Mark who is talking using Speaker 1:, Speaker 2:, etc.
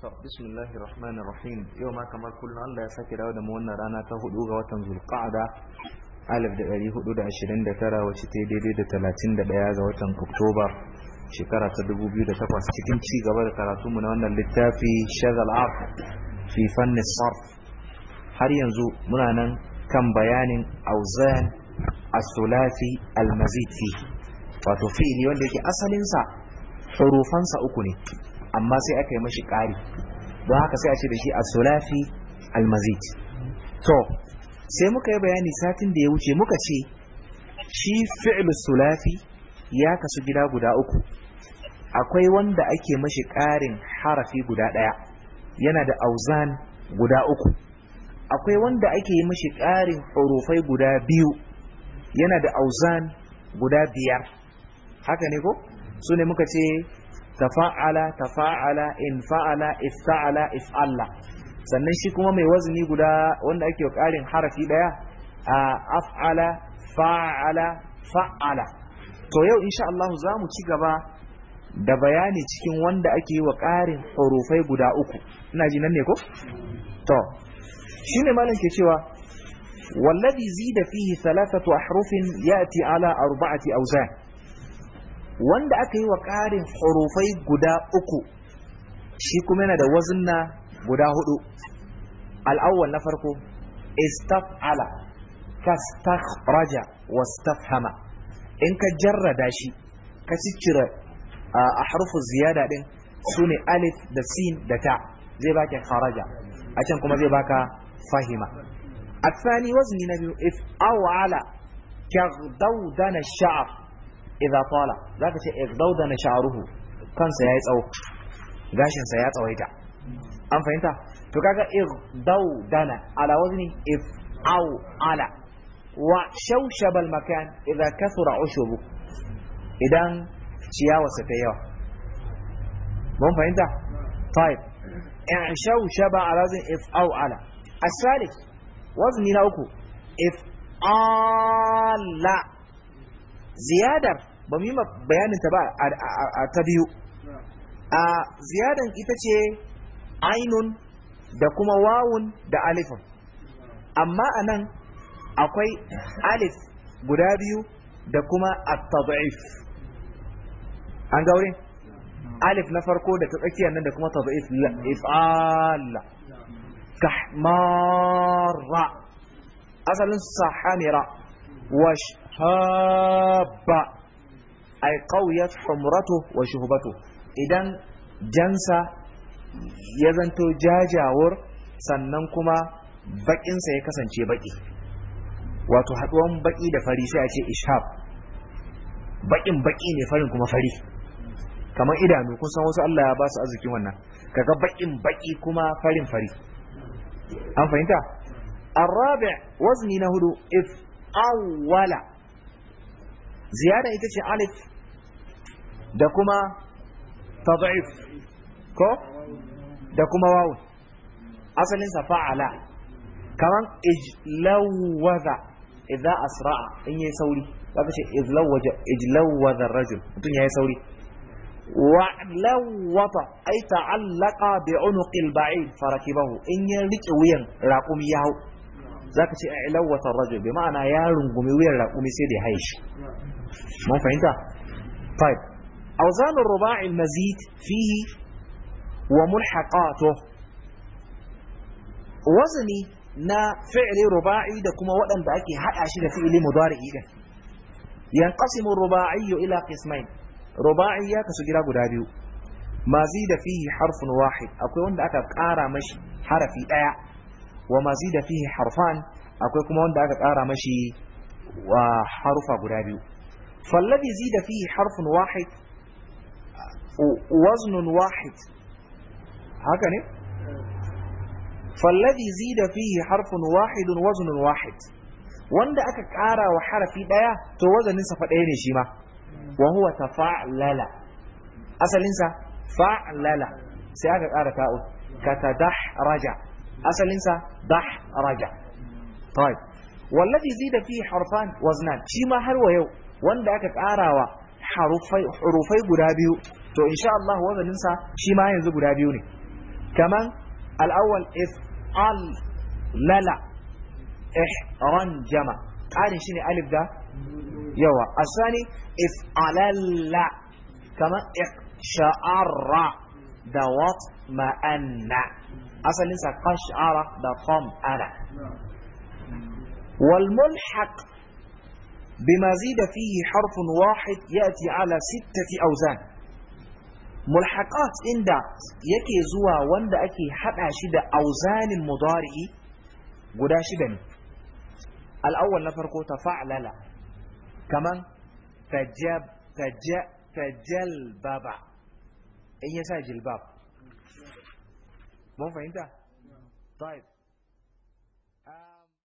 Speaker 1: bismillahi rahmanir rahim yau ma kamar kullum Allah ya sake dawo da mu wannan rana ta hudu ga watan zulqa'da 1429 wacce ta daidai da 31 ga watan oktoba shekara ta 2008 cikin ci gaba da karatu mu na wannan littafi shagal af fi fannin sarf har yanzu muna nan kan bayanin auzan as-sulasi al-mazid fi wato fi'ili wanda yake asalinsa hurufansa uku ne amma sai aka yi mashi ƙari don haka sai a ce da shi a solafi almazid to sai muka yi bayani satin da ya wuce muka ce shi fi'lu solafi ya kasu gida guda uku akwai wanda ake mashi ƙarin harafi guda ɗaya yana da auzan guda uku akwai wanda ake yi mashi ƙarin ƙorofai guda biyu yana da auzan guda biyar haka ne ko su ne muka ce tafa'ala tafa'ala in fa'ala ista'ala is'alla sannan shi kuma mai wazani guda wanda ake karin harafi daya a af'ala fa'ala fa'ala to yau insha Allah za mu ci gaba da bayani cikin wanda ake yi wa karin hurufai guda uku ina ji nan ne ko to shine malam ke cewa wallazi zida fihi thalathatu ahrufin yati ala arba'ati awzan wanda aka yi wa ƙarin hurufai guda uku shi kuma yana da wazinna guda hudu al'awwal na farko istaf'ala fastakhraja wastafhama in ka jarrada shi ka ciccire a harfu ziyada din sune alif da sin da ta zai baka kharaja a can kuma zai baka fahima A na biyu if اف او على كغدودن sha'af. idza tala zaka ce igdauda na sha'ruhu kansa yayi tsawo gashin sa ya tsawaita an fahimta to kaga igdaudana ala wazni if au ala wa shawshabal makan idza kasura ushubu idan ciyawarsa ta yawa mun fahimta in طيب اعشوا شبع لازم اف او على الثالث وزن نوكو اف آل زيادة ba mu yi ta ba a ta biyu a ziyadan ita ce ainun da kuma wawun da alifin amma a nan akwai alif guda biyu da kuma at-tad'if an ga alif na farko da ta tsakiya nan da kuma tad'if if'ala kahmara asalin sahamira washhaba ay qawiyat humratu wa shuhbatu idan jansa ya zanto jajawar sannan kuma baƙinsa ya kasance baƙi wato haɗuwan baƙi da fari sai a ce ishab baƙin baƙi ne farin kuma fari kamar idanu kun san wasu Allah ya ba su arziki wannan kaga baƙin baƙi kuma farin fari an fahimta arabi wazni na hudu if awwala ziyara ita ce alif da kuma tad'if ko da kuma wawu asalin sa fa'ala kaman ijlawwaza idza asra'a in yayi sauri za ka ce ijlawaja ijlawaza ar-rajul mutun yayi sauri wa lawwata ay ta'allaqa bi unuqil ba'id farakibahu in ya rike wuyan raqumi yahu Za zaka ce ilawata ar-rajul bi ma'ana ya rungumi wuyan raqumi sai da haishi mun fahimta 5 أوزان الرباع المزيد فيه وملحقاته وزني na fi'li ruba'i da kuma waɗanda ake haɗa shi da fi'li mudari'i din yanqasimu ruba'iyyu ila qismain ruba'i ya kasu gida guda biyu mazi da harfun wahid akwai wanda aka ƙara mashi harafi ɗaya wa mazi da harfan akwai kuma wanda aka kara mashi wa harufa guda biyu fallabi zida harfun wahid waznun wahid haka ne fallazi zida fihi harfun wahidun waznun wahid wanda aka ƙara wa harafi ɗaya to wazaninsa fa ɗaya ne shi ma wa huwa tafa'lala asalinsa fa'lala sai aka ƙara ta'u ka ta dahraja asalinsa dahraja طيب والذي زيد فيه حرفان وزنان شي ما har wa yau wanda aka wa harufai guda biyu to insha Allah wazaninsa shi ma yanzu guda biyu ne kaman al-awwal is al lala ihran jama kare shi ne alif da yawa asani is alalla kaman sha'arra da wat asalin sa qash'ara da qam wal mulhaq بما زيد فيه حرف واحد يأتي على ستة أوزان mulhaqat inda yake zuwa wanda ake hada shi da auzanin mudari'i guda shida ne al'awwal na farko tafa'lala kaman tajab taja tajalbaba in yasa jilbab mun fahimta